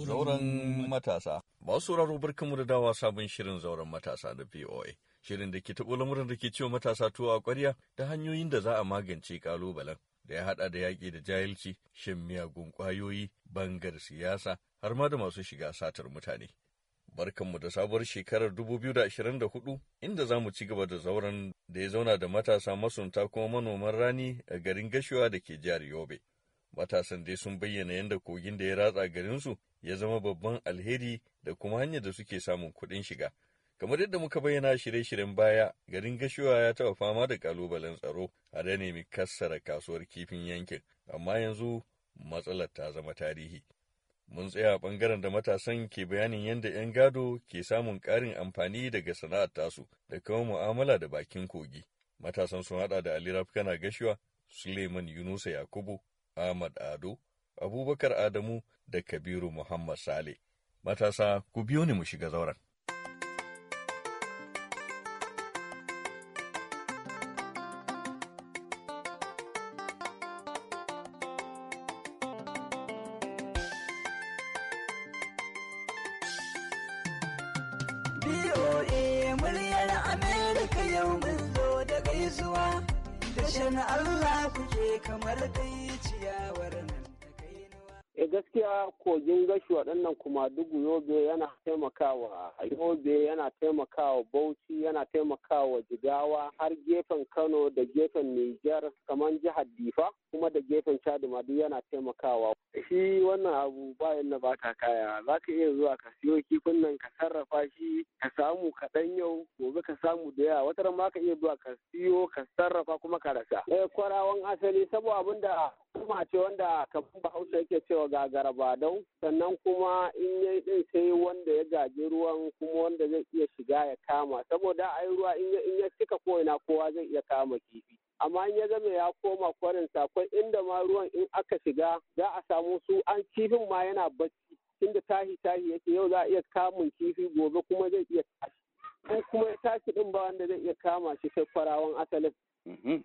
Zauren matasa. Ba sauraro barkanmu da dawa sabon shirin zauren matasa da VOA. Shirin da ke taɓo lamurin da ke cewa matasa tuwa a ƙwarya da hanyoyin da za a magance ƙalubalen. Da ya haɗa da yaƙi da jahilci, shan miyagun ƙwayoyi, bangar siyasa, har ma da masu shiga satar mutane. Barkanmu da sabuwar shekarar dubu da 2024 inda za mu ci gaba da zauren da ya zauna da matasa masunta kuma manoman rani a garin Gashuwa da ke jihar Yobe. matasan dai sun bayyana yadda kogin da ya ratsa garinsu ya zama babban alheri da kuma hanyar da suke samun kuɗin shiga. Kamar yadda muka bayyana shirye-shiryen baya, garin Gashuwa ya taɓa fama da ƙalubalen tsaro a da nemi kassara kasuwar kifin yankin, amma yanzu matsalar ta zama tarihi. Mun tsaya ɓangaren da matasan ke bayanin yadda 'yan gado ke samun ƙarin amfani daga sana'ar tasu da kuma mu'amala da bakin kogi. Matasan sun haɗa da Ali Rafkana Gashuwa, Suleiman Yunusa Yakubu, Ahmad Ado, Abubakar Adamu da Kabiru Muhammad Sale. Matasa, ku biyo ni mu shiga zauren. BOA muryar Amerika yau mun da gaisuwa, Allah kuke kamar dai gaskiya kogin gashi waɗannan kuma dugu yobe yana taimakawa yobe yana taimakawa bauchi yana taimakawa jigawa har gefen kano da gefen niger kamar jihar difa kuma da gefen chad ma duk yana taimakawa shi wannan abu bayan na bata kaya za ka iya zuwa ka siyo kifin nan ka sarrafa shi ka samu kaɗan yau gobe ka samu da yawa wata ma ka iya zuwa ka siyo ka sarrafa kuma ka rasa eh, kwarawan asali saboda abin da kuma ce wanda kafin bahaushe yake cewa gagara ba dau sannan kuma in yayi din sai wanda ya gaji ruwan kuma wanda zai iya shiga ya kama saboda ai ruwa in ya cika ko ina kowa zai iya kama kifi amma in ya zama ya koma kwarin akwai inda ma ruwan in aka shiga za a samu su an kifin ma yana bacci tunda tahi tahi yake yau za a iya kamun kifi gobe kuma zai iya tashi kuma ya tashi din ba wanda zai iya kama shi sai kwarawan asalin mm-hmm.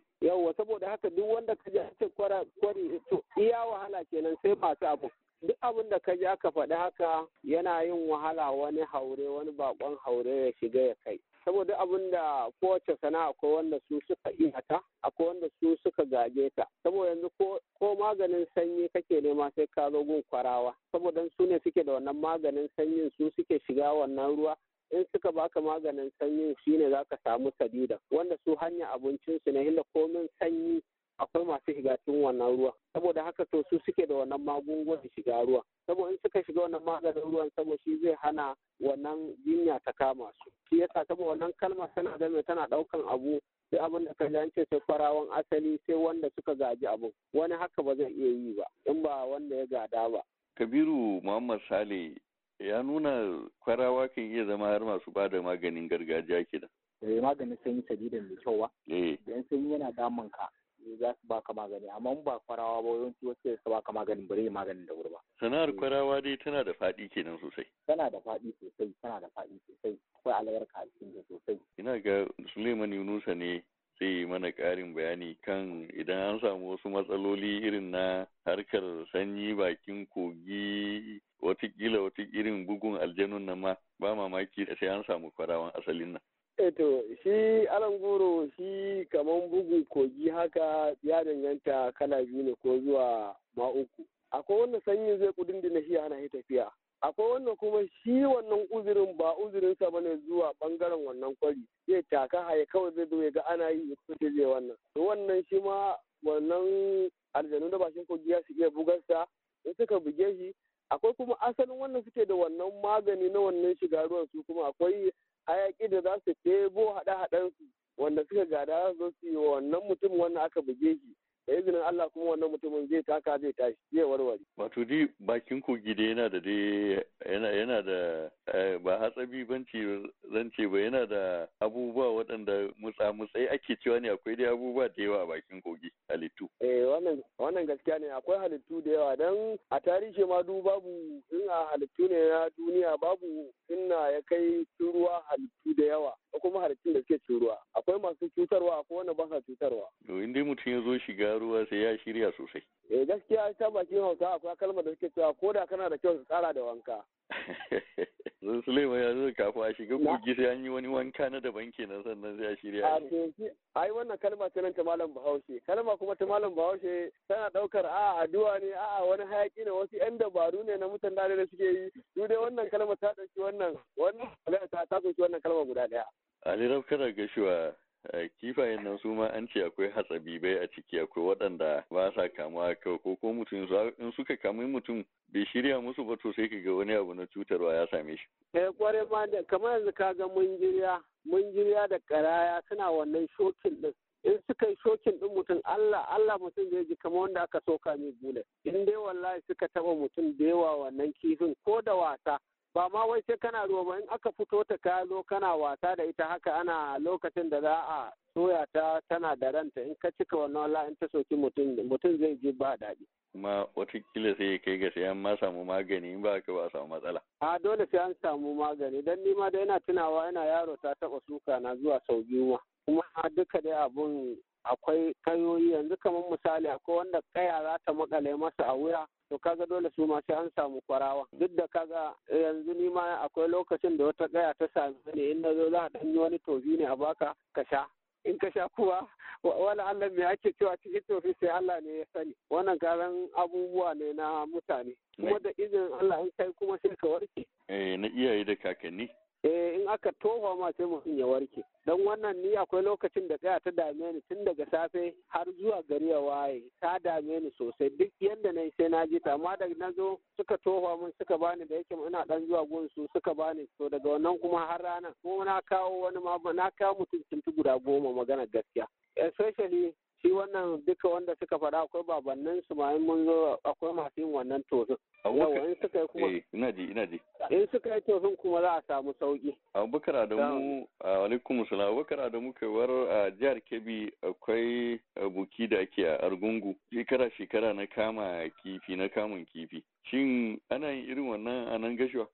da haka duk wanda ka ji ake kwara kwari to iya wahala kenan sai masu abu duk abin da ka ji aka faɗi haka yana yin wahala wani haure wani bakon haure ya shiga ya kai saboda abin da kowace sana'a akwai wanda su suka iya ta akwai wanda su suka gaje ta saboda yanzu ko maganin sanyi kake nema sai ka zo gun kwarawa saboda su ne suke da wannan maganin sanyin su suke shiga wannan ruwa in suka baka maganin sanyin shine zaka samu sadida wanda su hanya abincin su na hila komin sanyi akwai masu shiga cikin wannan ruwa saboda haka to su suke da wannan magungunan shiga ruwa saboda in suka shiga wannan maganin ruwan saboda shi zai hana wannan jinya ta kama su shi yasa saboda wannan kalma tana game tana daukan abu sai abin da ka ce sai farawan asali sai wanda suka gaji abu wani haka ba zai iya yi ba in ba wanda ya gada ba kabiru muhammad sale ya nuna farawa kan iya zama har masu ba da maganin gargajiya kenan eh maganin sanyi sabida mai kyau ba eh Dan sanyi yana damun ka za su baka magani amma ba kwarawa ba yawanci wasu su baka maganin bare maganin da wuri ba sana'ar kwarawa dai tana da faɗi kenan sosai tana da faɗi sosai tana da faɗi sosai akwai albarka a cikin sosai ina ga Suleiman Yunusa ne sai yi mana ƙarin bayani kan idan an samu wasu matsaloli irin na harkar sanyi bakin kogi watakila wata irin bugun aljanun nan ma ba mamaki sai an samu kwarawan asalin nan. Eto eh, shi alan goro shi kaman bugu kogi haka ya danganta kana biyu ne ko zuwa ma uku. Akwai wannan sanyin zai kudin da shi ana yi tafiya. Akwai wannan kuma shi wannan uzurin ba sa bane zuwa bangaren wannan kwari. Zai taka haye kawai zai zo ya ga ana yi ya zai wannan. To wannan shi ma wannan aljanu da bashin kogi ya su iya bugarsa in suka buge shi akwai kuma asalin wannan suke da wannan magani na wannan shiga ruwan su kuma akwai hayaki da za su ɗebo haɗe-haɗensu wanda suka gada za su yi wa wannan mutum wannan aka buge shi da izinin Allah kuma wannan mutumin zai taka zai tashi zai warware. Wato dai bakin kogi da yana da dai yana da eh, ba hatsabi banci zance ba yana da abubuwa waɗanda mutsa mutsai ake cewa ne akwai dai abubuwa da yawa a bakin kogi halittu. Eh wannan wannan gaskiya ne akwai halittu da yawa dan a tarihi ma du babu in a halittu ne na duniya babu inna ya kai ruwa halittu da yawa ko kuma halittun da suke ruwa. akwai masu cutarwa akwai wanda ba sa cutarwa to in dai mutum ya zo shiga ruwa sai ya shirya sosai eh gaskiya ta bakin hausa akwai kalmar da suke cewa ko da kana da kyau ka kara da wanka Zan Suleiman ya zai kafa a shiga kogi sai an yi wani wanka na daban kenan sannan sai a shirya. A yi ai wannan kalma ce nan ta malam Bahaushe. Kalma kuma ta malam Bahaushe tana daukar a addu'a ne a wani hayaki ne wasu yan dabaru ne na mutan da suke yi. Su dai wannan kalma ta dauki wannan wannan ta dauki wannan kalma guda daya. Ali Rafkara Gashuwa Eh, kifayen nan su ma an ce akwai hatsabibai a ciki akwai waɗanda ba sa kamuwa kai ko ko mutum in suka kami mutum bai shirya musu ba to sai wani abu na cutarwa ya same shi. Eh kware ma da kamar yanzu ka ga mun jirya mun jirya da karaya suna wannan shokin din. In suka yi shokin din mutum Allah Allah mutum zai ji kamar wanda aka soka mai bule. In dai wallahi suka taba mutum da yawa wannan kifin ko da wasa ba ma wai sai kana ruwa ba in aka fito ta kaya zo kana wasa da ita haka ana lokacin da za a soya ta tana da ranta in ka cika wannan wala in ta soki mutum mutum zai ji ba daɗi kuma watakila sai kai ga sai an ma samu magani in ba ka ba samu matsala. A dole sai an samu magani don nima da yana tunawa yana yaro ta taɓa suka na zuwa sau biyu ma. kuma duka dai abun akwai kayoyi yanzu kamar misali akwai wanda kaya za ta makale masa a wuya to kaga dole su ma sai an samu kwarawa duk da kaga yanzu ni ma akwai lokacin da wata kaya ta sami ne in na zo za a ɗanyi wani tobi ne a baka ka sha in ka sha kuwa wala Allah me ake cewa cikin tofi sai Allah ne ya sani wannan karan abubuwa ne na mutane kuma da izinin Allah in kai kuma sai ka warke eh na iyaye da kakanni eh in aka tofa ma sai mutum ya warke don wannan ni akwai lokacin da tsaya ta dame ni tun daga safe har zuwa gari ya waye ta dame ni sosai duk yadda na yi sai na ji ta amma da na zo suka tofa min suka bani da yake ina dan zuwa gun suka bani to daga wannan kuma har rana ko na kawo wani ma na kawo mutum tuntu guda goma magana gaskiya especially shi wannan duka wanda suka fara akwai babannin su ma mun zo akwai masu yin wannan tofin yawa suka yi kuma eh, ina ji ina ji in suka yi tofin kuma za a samu sauki abubakar adamu alaikum salam abubakar adamu war a jihar kebbi akwai buki da ake a argungu shekara shekara na kama kifi na kamun kifi shin ana yin irin wannan a nan gashuwa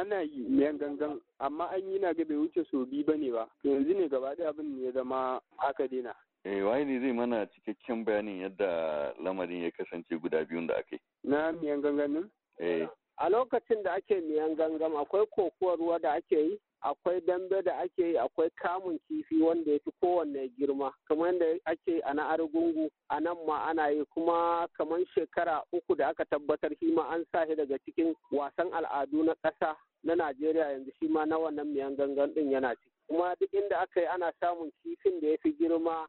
ana yi miyan gangan amma an yi na ga bai wuce sau biyu ne ba yanzu ne gaba ɗaya abin ya zama aka dina. Eh, ne zai mana cikakken bayanin yadda lamarin ya kasance guda biyun da aka yi. Na miyan gangamin? Eh. A lokacin da ake miyan gangam akwai kokuwar ruwa da ake yi, akwai dambe da ake yi, akwai kamun kifi wanda ya fi kowanne girma, kamar yadda ake yi a na argungu, a nan ma ana yi kuma kamar shekara uku da aka tabbatar shi an sa shi daga cikin wasan al'adu na ƙasa na Najeriya yanzu shi ma na wannan miyan gangan ɗin yana ciki. Kuma duk inda aka yi ana samun kifin da ya fi girma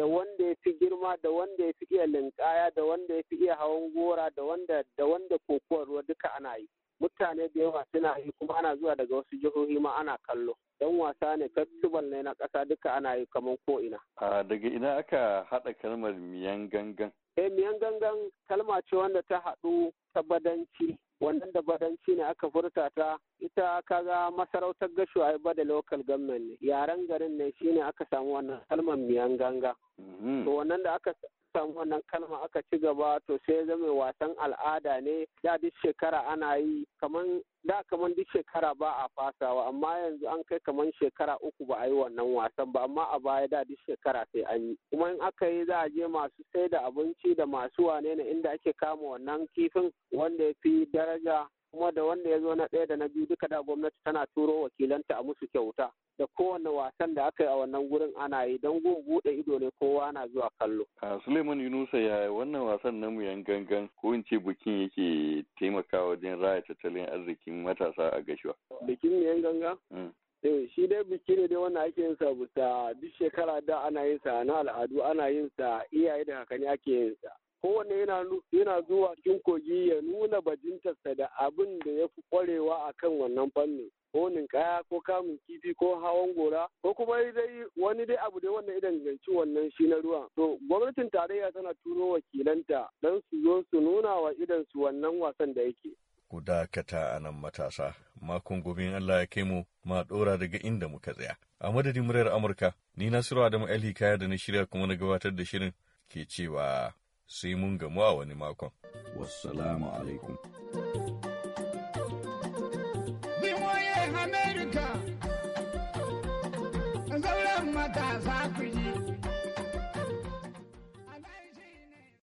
da wanda ya fi girma da wanda ya fi iya linkaya da wanda ya fi iya hawan gora da wanda da wanda kokowar ruwa duka ana yi mutane da yawa suna yi kuma ana zuwa daga wasu jihohi ma ana kallo dan wasa ne festival ne na ƙasa duka ana yi kamar ko ina a daga ina aka haɗa kalmar miyan gangan eh miyan gangan kalma ce wanda ta haɗu ta badanci wannan da badanci ne aka furta ta ita kaga masarautar gashu a ba da local government ne yaren garin ne shine aka samu wannan kalmar miyan ganga mhm. to wannan da aka samu wannan kalma aka ci gaba to sai ya zama wasan al'ada ne da duk shekara ana yi kaman da kaman duk shekara ba a fasawa amma yanzu an kai kaman shekara uku ba a yi wannan wasan ba amma a baya da duk shekara sai an yi kuma in aka yi za a je masu sai da abinci da masu wane na inda ake kama wannan kifin wanda ya fi daraja kuma da wanda ya zo na ɗaya da na biyu duka da gwamnati tana turo wakilanta a musu kyauta da kowane wasan da aka yi a wannan gurin ana yi don gun buɗe ido ne kowa na zuwa kallo. A Suleiman Yunusa ya wannan wasan na mu gangan ko in ce bikin yake taimakawa wajen raya tattalin arzikin matasa a gashuwa. Bikin mu gangan? Mm. Eh shi dai biki ne dai wannan ake yin sa bisa duk shekara da ana yin sa na al'adu ana yin sa iyaye da kakanni ake yin sa. kowanne yana zuwa cikin kogi ya nuna bajintarsa da abin da ya fi kwarewa a kan wannan fannin ko ninkaya ko kamun kifi ko hawan gora ko kuma dai wani dai abu dai wannan idan ganci wannan shi na ruwa to gwamnatin tarayya tana turo wakilanta don su zo su nuna wa idan su wannan wasan da yake ku dakata a nan matasa makon gobe Allah ya kai mu ma dora daga inda muka tsaya a madadin muryar Amurka ni Nasiru Adamu Ali kaya da na shirya kuma na gabatar da shirin ke cewa sai mun gamu a wani makon. Wassalamu alaikum. America.